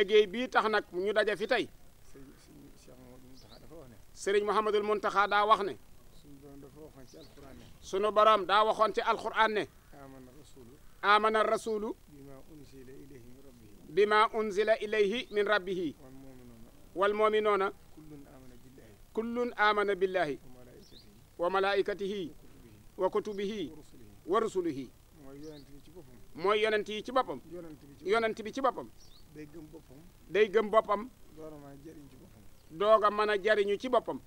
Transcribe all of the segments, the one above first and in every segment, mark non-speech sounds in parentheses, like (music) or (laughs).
liggéey bii tax nag ñu daje fi tey sëriñ Mouhamadul Muntaxa daa wax ne sunu borom daa waxoon ci alxuraan ne amana rasulu bima unzila ilayhi min rabbihi wal muminuuna kullun amana billahi wa malaikatihi wa kutubihi wa rusulihi mooy yonent yi ci boppam yonent bi ci boppam yonent bi ci boppam day gëm boppam. day gëm boppam. doog a mën a jariñu ci boppam. doog a mën a jariñu ci boppam.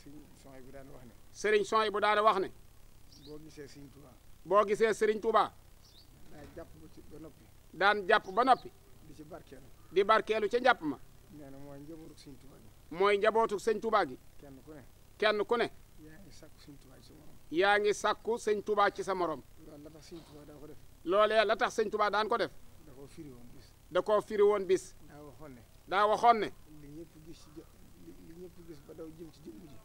Serigne Sonia bu daan wax ne. Serigne Sonia bu daan wax ne. boo gisee Serigne Touba. boo gisee Serigne Touba. daan jàpp ba noppi. daan jàpp ba noppi. di ci barkeelu. di barkeelu ca njàpp ma. nee na mooy njabootu Serigne Touba gi. mooy njabootu Serigne Touba gi. kenn ku ne. kenn ku ne. yaa ngi sàkku sëñ tubaa ci sa morom. yaa ngi sàkku Serigne Touba la tax sëñ tubaa daan ko def. da ko firi woon bis. daa waxoon ne. daa waxoon ne. li ñëpp gis ci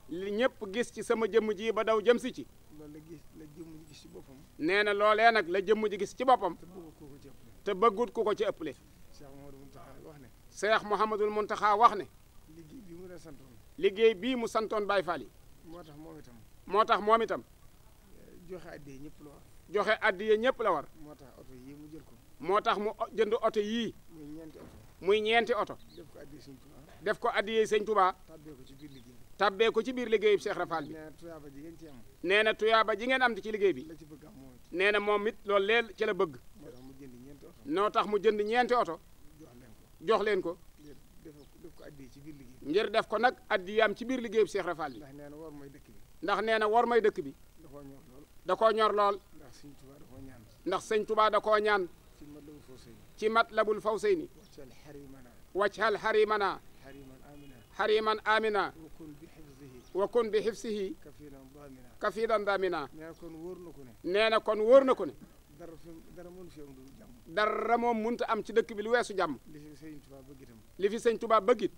li jëm ji. sama jëmm ji ba daw jëm si ci. loolu la gis la boppam. nee na loolee nag la jëmm ji gis ci boppam. te bëggut ku ko ci ëppale. Cheikh Mouhamadul Mountakha wax ne. Cheikh Mouhamadul Mountakha wax ne. liggéey bii mu santoon. liggéey bii mu santoon Baye Fall moo tax moom itam. moo tax moom itam. joxe addiya ñëpp la war. joxe addiya ñëpp moo tax oto yii mu jël ko. moo mu jënd oto yii. muy ñeenti oto. def ko addiya sëñ Touba. def ko addiya sëñ Touba. tabbee ko ci biir liggéey bi. tabbee ko bi. nee na tuyaaba ji ngeen ci am. ci liggéey bi. la ci bëgg am moom it. nee na moom it ci la bëgg. mu jënd ñeenti oto. noo tax mu jënd ñeenti oto. jox leen ko jox leen ko. def ko ci biir liggéey ngir ko nag addiyaam ci biir liggéey bi Cheikh Rafal bi. ndax nee na war may dëkk bi. da koo ñor da koo ñor lool ndax sëñ Tuubaa da koo ñaan ci mat labul faw sëy ni wajhal xarimana xariman amina wa kun bi xifsihi kafidan damina nee na kon wóor na ko ne dara moom munta am ci dëkk bi lu weesu jàmm li fi sëñ Tuubaa bëggit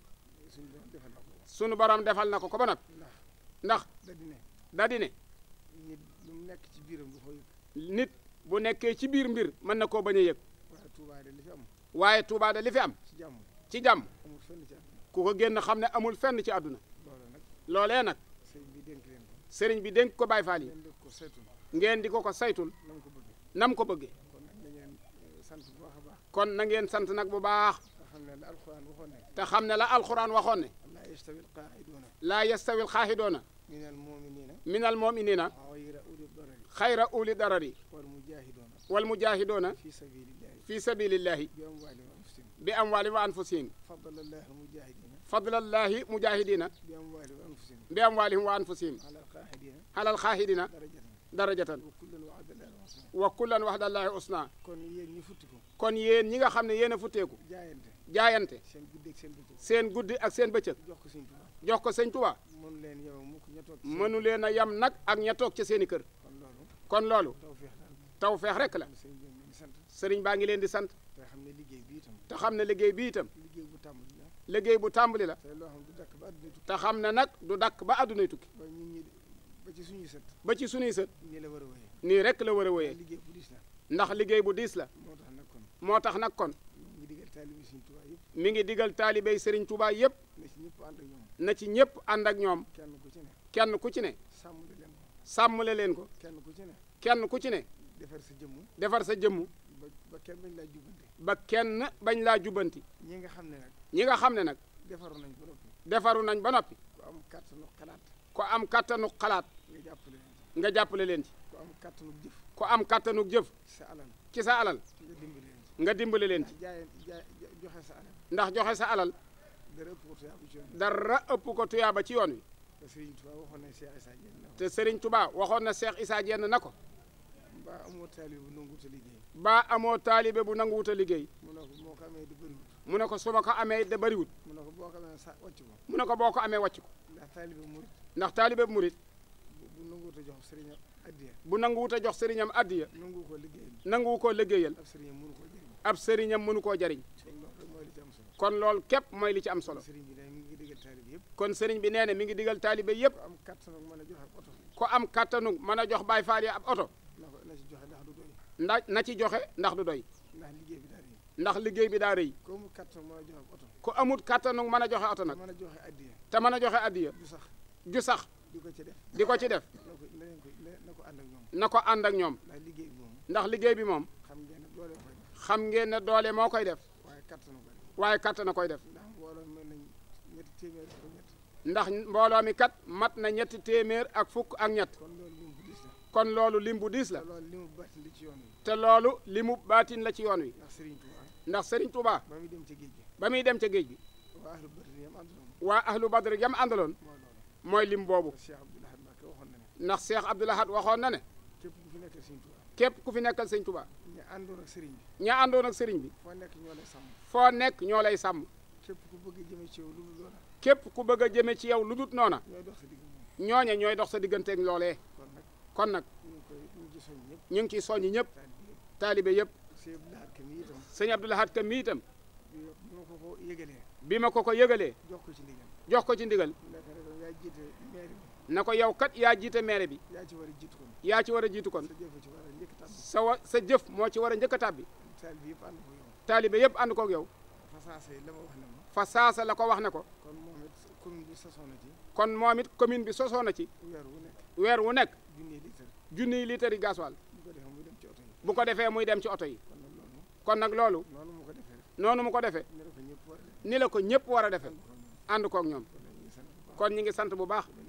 sunu borom defal na ko ko ba nag ndax da nekk ci biiram du ko yëg. nit bu nekkee ci biir mbir mën na koo bañ a yëg. waaye Touba de li fi am. li fi am. ci jàmm ci jàmm. amul fenn ci àdduna. ku ko génn xam ne amul fenn ci àdduna. loole nag. loolee nag. sëriñ bi dénk leen ko. sëriñ bi dénk ko Baye Fall yi. ngeen di ko saytul. ngeen di ko ko saytul. nam ko bëggee. nam ko bëggee. kon eh, na ngeen sant nag bu baax. te xam ne la alxuraan waxoon ne. la yastawil qaaxidoona. laa yastawil qaaxidoona. minal moominiina. minal moominiina. xayra uli darari wal mujaahidoona fi sabilillahi bi amwaali wa anfusihim fadlallahi mujaahidiina bi amwaalihim wa anfusihim alal xaahidina darajatan wa kullan waxdallahi usna kon yéen ñi nga xam ne yéen a futteeku jaayante seen guddi ak seen bëccëg jox ko sëñ Tuubaa mënu leen a yam nag ak ña toog ca seeni kër kon loolu taw feex rek la sëriñ baa ngi leen di sant te xam ne liggéey bii itam te xam ne liggéey bi itam liggéey bu tàmbali la liggéey bu tàmbali la te xam ne nag du dàkk ba àddunay tukki ba ci suñuy sët ba ci suñuy sët nii la war a nii rek la war a wëyee ndax liggéey bu diis la moo tax nag kon moo tax nag kon mi ngi digal taalibey sëriñ Touba yëpp na ci ñëpp ànd ak ñoom kenn ku ci ne sàmmul sàmmale leen ko. kenn ku ci ne. kenn ku ci ne. defar sa jëmm. defar sa jëmm. ba kenn bañ laa jubanti. ba kenn bañ laa jubanti. ñi nga xam ne nag. ñi nga xam ne nag. defaru nañ ba noppi. defaru nañ ba noppi. ku am kattanu xalaat. am kattanu xalaat. nga jàppale leen ci. nga jàppale leen am kattanu jëf. ci sa alal. ci sa alal. nga dimbale leen ci. nga dimbale leen ci. joxe sa ndax joxe sa alal. dara ëpp ko tuyaaba ci yoon wi. te Serigne Touba waxoon na Cheikh Issa Diène na te Serigne Touba waxoon na Cheikh Issa Diène na ko. ba amoo taalibe bu nanguwut a liggéey. ba amoo taalibe bu nanguwut a liggéey. mu ne ko ko amee da bëriwut. mu ne ko su ko amee da bëriwut. mu ne ko boo ko amee sa wàcc mu ne ko boo ko amee wàcc ko. ndax taalibe bu murit. ndax taalibe bu murit. bu nanguwut a jox sëriñam addiya. bu nanguwut a jox sëriñam addiya. nanguwu koo liggéeyal. nanguwu koo liggéeyal. ab sëriñam mënu koo jëriñ. mënu koo jëriñ. kon loolu képp mooy li ci am solo. sëriñ kon sëriñ bi nee na mi ngi digal taalibe yëpp. ku am kattanu mën a jox oto. ku am kattanu mën a jox Baay Faal yi ab oto. na ci joxe ndax du doy. ndax na ci joxe ndax du doy. liggéey bi daa rëy. ndax liggéey bi daa rëy. ku amul kattanu mën a joxe oto. ku amul kattanu mën a joxe oto nag. mën a joxe addiya. te mën a joxe addiya. ju sax ju sax. di ko ci def di ko ci def. (laughs) na ko ànd ñoom. na ko ànd ak ñoom. ndax liggéey bi moom. ndax liggéey bi moom. xam ngeen ne doole moo koy def. xam ngeen ne doole moo koy waaye kattan na koy def. ndax mbooloo mi kat mat na ñett téeméer ak fukk ak ñett kon loolu lim bu diis la te loolu limu baatin la ci yoon wi ndax Serigne Touba ba muy dem ca géej gi waa ahlu badri jam àndaloon mooy lim boobu ndax seex Abdoul Ahad waxoon na ne képp ku fi nekkal Serigne Touba ña àndoon ak sëriñ bi foo nekk ñoo lay sàmm. képp ku bëgg a jëme ci yow lu noona. képp ku bëgg a jëme ci yow lu dul noona. ñooy dox sa diggante ñooñe ñooy dox sa digganteeg loolee. kon nag ñu ngi ciy soññi ñëpp. taalibe yëpp. sëñ Abdou Lahad Ka mi itam. bi ma ko ko yëgalee. bi ma ko ko yëgalee. jox ko ci ndigal. jox ko ci na ko yaw kat yaa jiite maire bi. yaa ci war a jiitu kon. yaa ci war a jiitu kon. sa wa sa jëf moo ci war a njëkk a tàbbi. taalibe yëpp ànd koog yow. fa saasa la ko wax ne ko. kon moom it bi sosoo ci. kon moom it bi sosoo na ci. weer wu nekk weer wu nekk. junniy litre junniy litre yi gasoil. bu ko defee muy dem ci oto yi. kon nag loolu. noonu mu ko defee. mu ko defee. ni la ko ñëpp war a defee. ànd koog ñoom. kon ñu ngi sant bu baax.